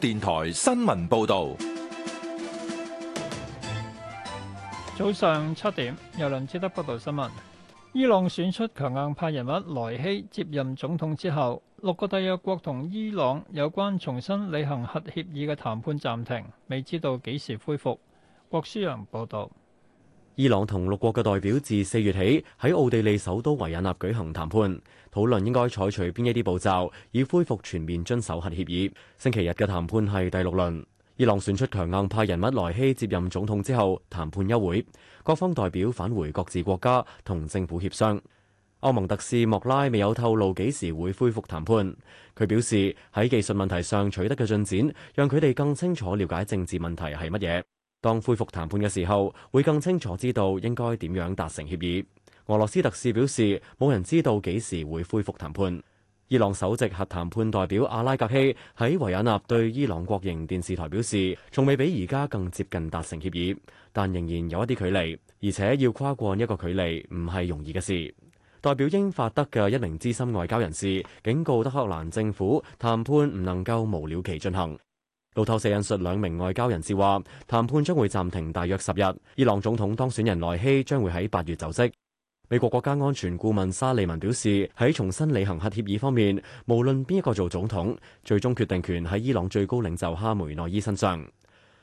電台新聞報道，早上七點，由梁志德報道新聞。伊朗選出強硬派人物萊希接任總統之後，六個締約國同伊朗有關重新履行核協議嘅談判暫停，未知道幾時恢復。郭書洋報道。伊朗同六國嘅代表自四月起喺奧地利首都維也納舉，舉行談判，討論應該採取邊一啲步驟以恢復全面遵守核協議。星期日嘅談判係第六輪。伊朗選出強硬派人物萊希接任總統之後，談判休會，各方代表返回各自國家同政府協商。歐盟特使莫拉未有透露幾時會恢復談判。佢表示喺技術問題上取得嘅進展，讓佢哋更清楚了解政治問題係乜嘢。當恢復談判嘅時候，會更清楚知道應該點樣達成協議。俄羅斯特使表示，冇人知道幾時會恢復談判。伊朗首席核談判代表阿拉格希喺維也納對伊朗國營電視台表示，從未比而家更接近達成協議，但仍然有一啲距離，而且要跨過一個距離唔係容易嘅事。代表英法德嘅一名資深外交人士警告德克蘭政府，談判唔能夠無了期進行。路透社引述兩名外交人士話，談判將會暫停大約十日。伊朗總統當選人萊希將會喺八月就職。美國國家安全顧問沙利文表示，喺重新履行核協議方面，無論邊一個做總統，最終決定權喺伊朗最高領袖哈梅內伊身上。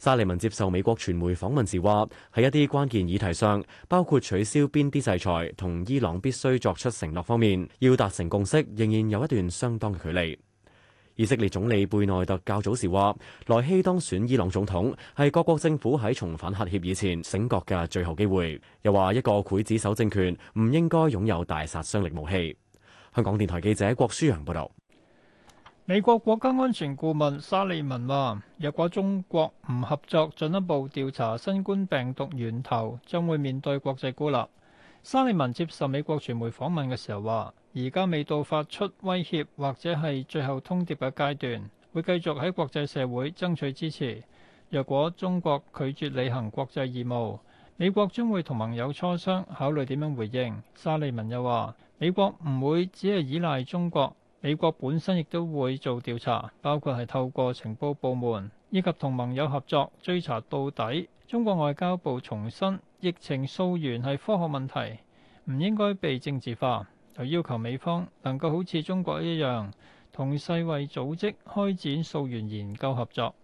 沙利文接受美國傳媒訪問時話，喺一啲關鍵議題上，包括取消邊啲制裁同伊朗必須作出承諾方面，要達成共識仍然有一段相當嘅距離。以色列總理貝內特較早時話，萊希當選伊朗總統係各國政府喺重返核協議前醒覺嘅最後機會。又話一個劊子手政權唔應該擁有大殺傷力武器。香港電台記者郭舒揚報道。美國國家安全顧問沙利文話，如果中國唔合作進一步調查新冠病毒源頭，將會面對國際孤立。沙利文接受美國傳媒訪問嘅時候話。而家未到發出威脅或者係最後通牒嘅階段，會繼續喺國際社會爭取支持。若果中國拒絕履行國際義務，美國將會同盟友磋商，考慮點樣回應。沙利文又話，美國唔會只係依賴中國，美國本身亦都會做調查，包括係透過情報部門，以及同盟友合作追查到底。中國外交部重申，疫情溯源係科學問題，唔應該被政治化。就要求美方能夠好似中國一樣，同世衛組織開展溯源研究合作。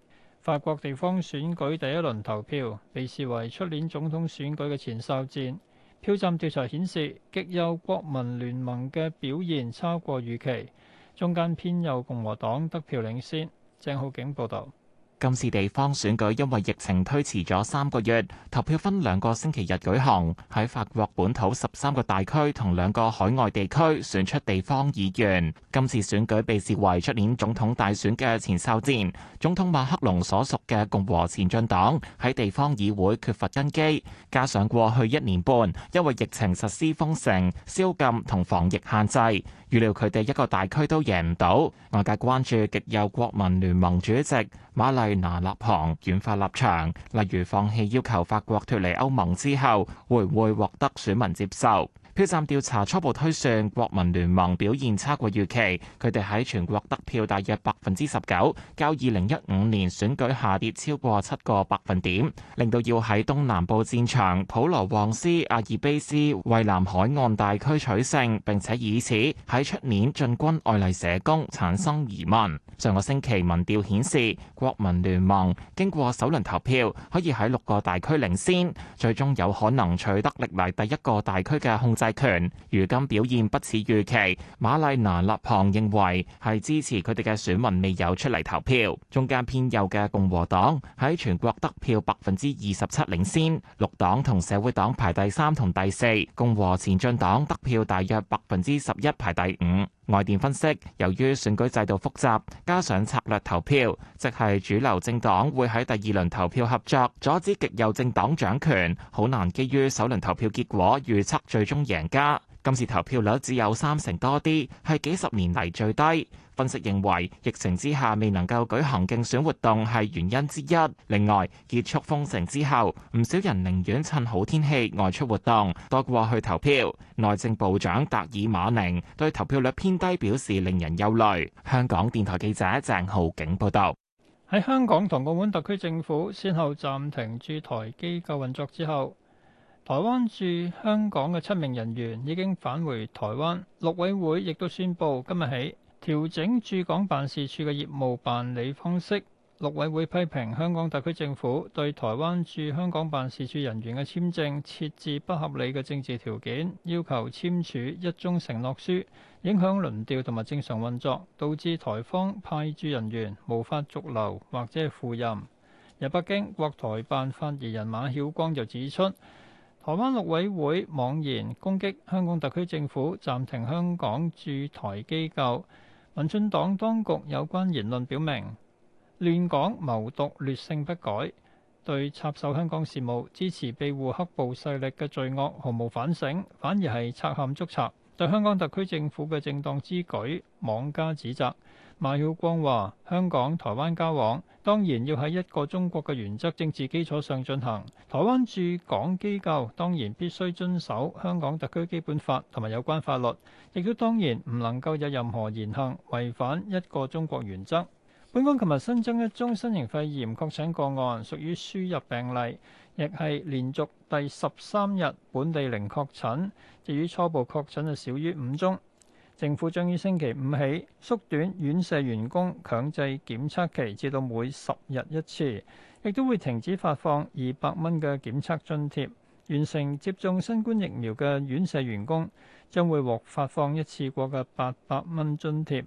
法國地方選舉第一輪投票被視為出年總統選舉嘅前哨戰。票站調查顯示，極右國民聯盟嘅表現超過預期，中間偏右共和黨得票領先。鄭浩景報道。今次地方選舉因為疫情推遲咗三個月，投票分兩個星期日舉行，喺法國本土十三個大區同兩個海外地區選出地方議員，今次選舉被視為出年總統大選嘅前哨戰。總統馬克龍所屬嘅共和前進黨喺地方議會缺乏根基，加上過去一年半因為疫情實施封城、宵禁同防疫限制。預料佢哋一個大區都贏唔到，外界關注極右國民聯盟主席瑪麗娜·勒龐軟化立場，例如放棄要求法國脱離歐盟之後，會唔會獲得選民接受？票站調查初步推算，國民聯盟表現差過預期，佢哋喺全國得票大約百分之十九，較二零一五年選舉下跌超過七個百分點，令到要喺東南部戰場普羅旺斯、阿爾卑斯、蔚藍海岸大區取勝，並且以此喺出年進軍愛麗舍宮產生疑問。上個星期民調顯示，國民聯盟經過首輪投票，可以喺六個大區領先，最終有可能取得歷嚟第一個大區嘅控制。大權如今表現不似預期，馬麗娜勒龐認為，係支持佢哋嘅選民未有出嚟投票。中間偏右嘅共和黨，喺全國得票百分之二十七領先，綠黨同社會黨排第三同第四，共和前進黨得票大約百分之十一排第五。外電分析，由於選舉制度複雜，加上策略投票，即係主流政黨會喺第二輪投票合作，阻止極右政黨掌權，好難基於首輪投票結果預測最終贏家。今次投票率只有三成多啲，係幾十年嚟最低。分析認為疫情之下未能夠舉行競選活動係原因之一。另外，結束封城之後唔少人寧願趁好天氣外出活動多過去投票。內政部長達爾馬寧對投票率偏低表示令人憂慮，香港電台記者鄭浩景報道：喺香港同澳門特區政府先後暫停駐台機構運作之後。台灣駐香港嘅七名人員已經返回台灣，陸委會亦都宣布今日起調整駐港辦事處嘅業務辦理方式。陸委會批評香港特區政府對台灣駐香港辦事處人員嘅簽證設置不合理嘅政治條件，要求簽署一宗承諾書，影響輪調同埋正常運作，導致台方派駐人員無法續留或者係赴任。由北京國台辦發言人馬曉光就指出。台灣陸委會妄言攻擊香港特區政府暫停香港駐台機構，民進黨當局有關言論表明，亂港謀獨劣性不改，對插手香港事務、支持庇護黑暴勢力嘅罪惡毫無反省，反而係拆陷捉賊，對香港特區政府嘅正當之舉妄加指責。馬曉光話：香港、台灣交往當然要喺一個中國嘅原則政治基礎上進行。台灣駐港機構當然必須遵守香港特區基本法同埋有關法律，亦都當然唔能夠有任何言行違反一個中國原則。本港琴日新增一宗新型肺炎確診個案，屬於輸入病例，亦係連續第十三日本地零確診。至於初步確診就少於五宗。政府將於星期五起縮短院舍員工強制檢測期，至到每十日一次，亦都會停止發放二百蚊嘅檢測津貼。完成接種新冠疫苗嘅院舍員工將會獲發放一次過嘅八百蚊津貼，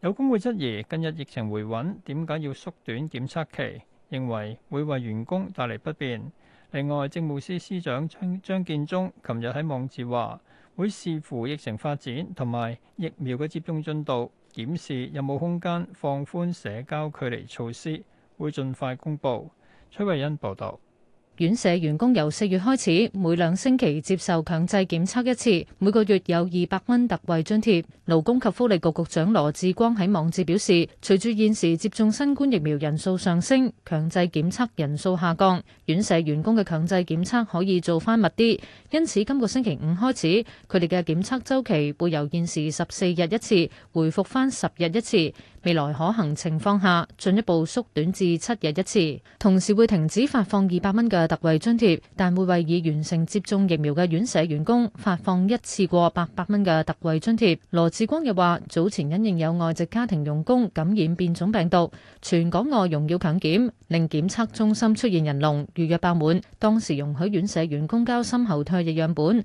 有工會質疑近日疫情回穩，點解要縮短檢測期？認為會為員工帶嚟不便。另外，政務司司長張建宗琴日喺網誌話。會視乎疫情發展同埋疫苗嘅接種進度，檢視有冇空間放寬社交距離措施，會盡快公佈。崔慧欣報導。院舍員工由四月開始每兩星期接受強制檢測一次，每個月有二百蚊特惠津貼。勞工及福利局局長羅致光喺網誌表示，隨住現時接種新冠疫苗人數上升，強制檢測人數下降，院舍員工嘅強制檢測可以做翻密啲。因此，今個星期五開始，佢哋嘅檢測週期會由現時十四日一次回復翻十日一次。回未來可行情況下，進一步縮短至七日一次，同時會停止發放二百蚊嘅特惠津貼，但會為已完成接種疫苗嘅院舍員工發放一次過八百蚊嘅特惠津貼。羅志光又話早前因仍有外籍家庭傭工感染變種病毒，全港外傭要強檢令檢測中心出現人龍預約爆滿，當時容許院舍員工交深喉唾液樣本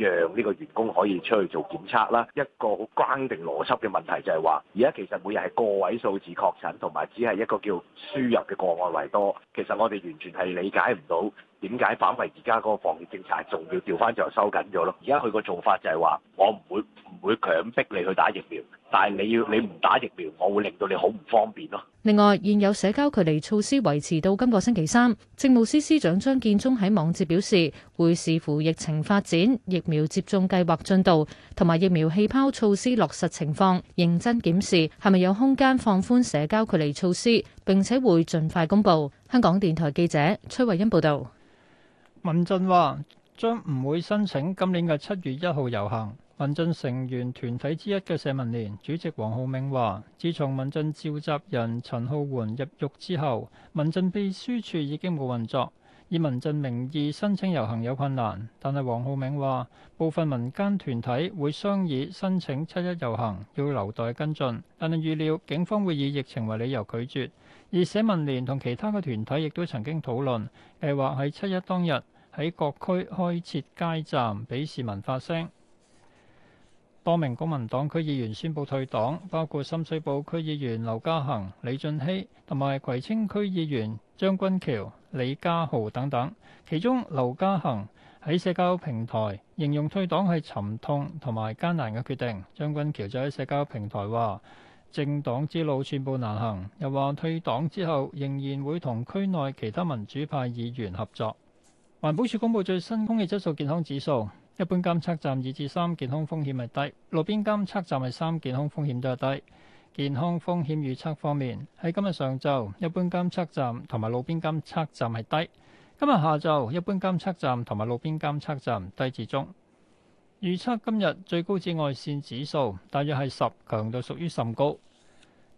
讓呢個員工可以出去做檢測啦。一個好關定邏輯嘅問題就係話，而家其實每日係個位數字確診同埋只係一個叫輸入嘅個案為多。其實我哋完全係理解唔到點解反為而家嗰個防疫政策仲要調翻就收緊咗咯。而家佢個做法就係話，我唔會。會強迫你去打疫苗，但係你要你唔打疫苗，我會令到你好唔方便咯。另外，現有社交距離措施維持到今個星期三。政務司司長張建宗喺網誌表示，會視乎疫情發展、疫苗接種計劃進度同埋疫苗氣泡措施落實情況，認真檢視係咪有空間放寬社交距離措施，並且會盡快公布。香港電台記者崔慧欣報道，民陣話將唔會申請今年嘅七月一號遊行。民陣成員團體之一嘅社民連主席黃浩銘話，自從民陣召集人陳皓桓入獄之後，民陣秘書處已經冇運作，以民陣名義申請遊行有困難。但係黃浩銘話，部分民間團體會商議申請七一遊行，要留待跟進，但係預料警方會以疫情為理由拒絕。而社民連同其他嘅團體亦都曾經討論計劃喺七一當日喺各區開設街站，俾市民發聲。多名公民黨區議員宣佈退黨，包括深水埗區議員劉家恒、李俊熙，同埋葵青區議員張君橋、李家豪等等。其中，劉家恒喺社交平台形容退黨係沉痛同埋艱難嘅決定。張君橋就喺社交平台話：政黨之路寸步難行，又話退黨之後仍然會同區內其他民主派議員合作。環保署公佈最新空氣質素健康指數。一般監測站二至三健康風險係低，路邊監測站係三健康風險都係低。健康風險預測方面，喺今日上晝，一般監測站同埋路邊監測站係低；今日下晝，一般監測站同埋路邊監測站低至中。預測今日最高紫外線指數大約係十，強度屬於甚高。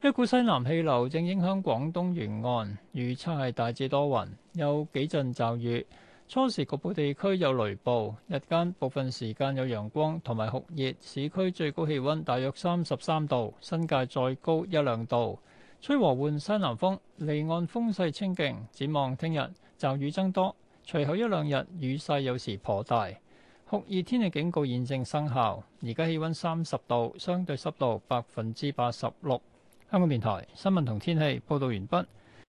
一股西南氣流正影響廣東沿岸，預測係大致多雲，有幾陣驟雨。初時局部地區有雷暴，日間部分時間有陽光同埋酷熱，市區最高氣温大約三十三度，新界再高一兩度，吹和緩西南風，離岸風勢清勁。展望聽日，驟雨增多，隨後一兩日雨勢有時頗大，酷熱天氣警告現正生效。而家氣温三十度，相對濕度百分之八十六。香港電台新聞同天氣報導完畢。